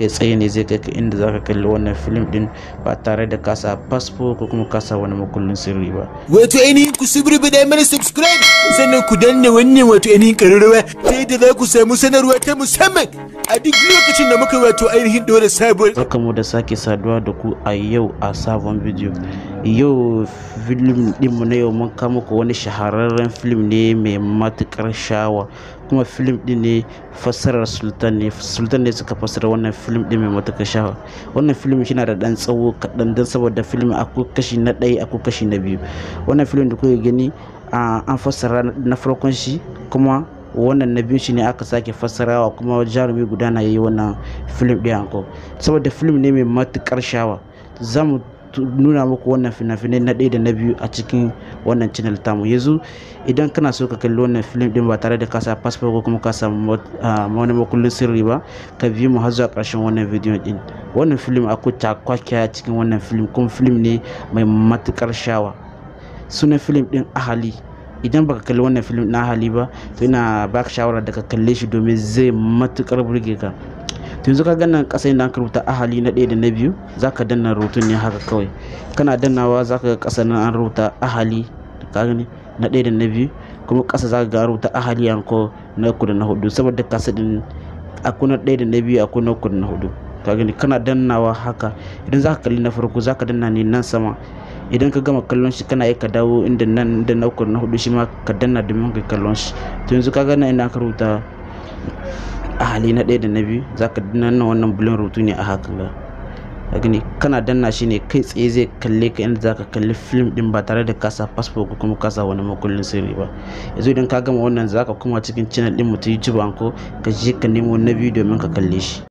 kai tsaye ne zai kai ka inda zaka kalli wannan film din ba tare da kasa fasfo ko kuma kasa wani makullin sirri ba wato ainihin ku subri bi mana subscribe sannan ku danna wannan wato ainihin kararrawa ta yadda za ku samu sanarwa ta musamman a duk lokacin da muka wato ainihin dora sabuwar mu da sake saduwa da ku a yau a sabon bidiyo yau film din mu na yau mun kawo muku wani shahararren film ne mai matukar shawa kuma film din ne fassarar sultan ne sultan ne suka fassara wannan film din mai matuƙar shawa wannan film shi na da ɗan tsawo kaɗan don saboda film akwai kashi na ɗaya akwai kashi na biyu wannan film da kuke gani an fassara na farkon shi kuma wannan na biyu shi ne aka sake fassarawa kuma jarumi guda na yi wannan film ɗin anko saboda film ne mai matuƙar shawa za mu nuna muku wannan fina-finai na ɗaya da na biyu a cikin wannan channel tamu yanzu idan kana so ka kalli wannan film din ba tare da kasa sa ko kuma kasa samu ah, wani makullin sirri ba ka biyu mu har zuwa ƙarshen wannan bidiyon din wannan film kuta takwakiya cikin wannan film kuma film ne mai matukar shawa sunan film din ahali idan baka kalli wannan film na hali ba to ina baka shawara da ka kalle shi domin zai matukar burge ka yanzu ka ganin kasa inda aka rubuta ahali na ɗaya da na biyu za ka danna rubutun ne haka kawai kana dannawa za ka ga kasa nan an rubuta ahali ka gani na ɗaya da na biyu kuma kasa za ka ga rubuta ahali ko na uku da na hudu saboda kasa din akwai na ɗaya da na biyu akwai na uku da na hudu ka gani kana dannawa haka idan za ka kalli na farko za ka danna ne nan sama idan ka gama kallon shi kana yi ka dawo inda nan da na uku na hudu shi ma ka danna domin ka kallon shi to yanzu ka gana inda aka rubuta a hali na ɗaya da na biyu za ka nan wannan bulon rubutu ne a haka ka gani kana danna shi ne kai tsaye zai kalle ka inda zaka kalli film din ba tare da kasa fasfo ko kuma kasa wani makullin sirri ba yanzu idan ka gama wannan za ka kuma cikin channel din mu ta YouTube anko ka je ka nemo na biyu domin ka kalle shi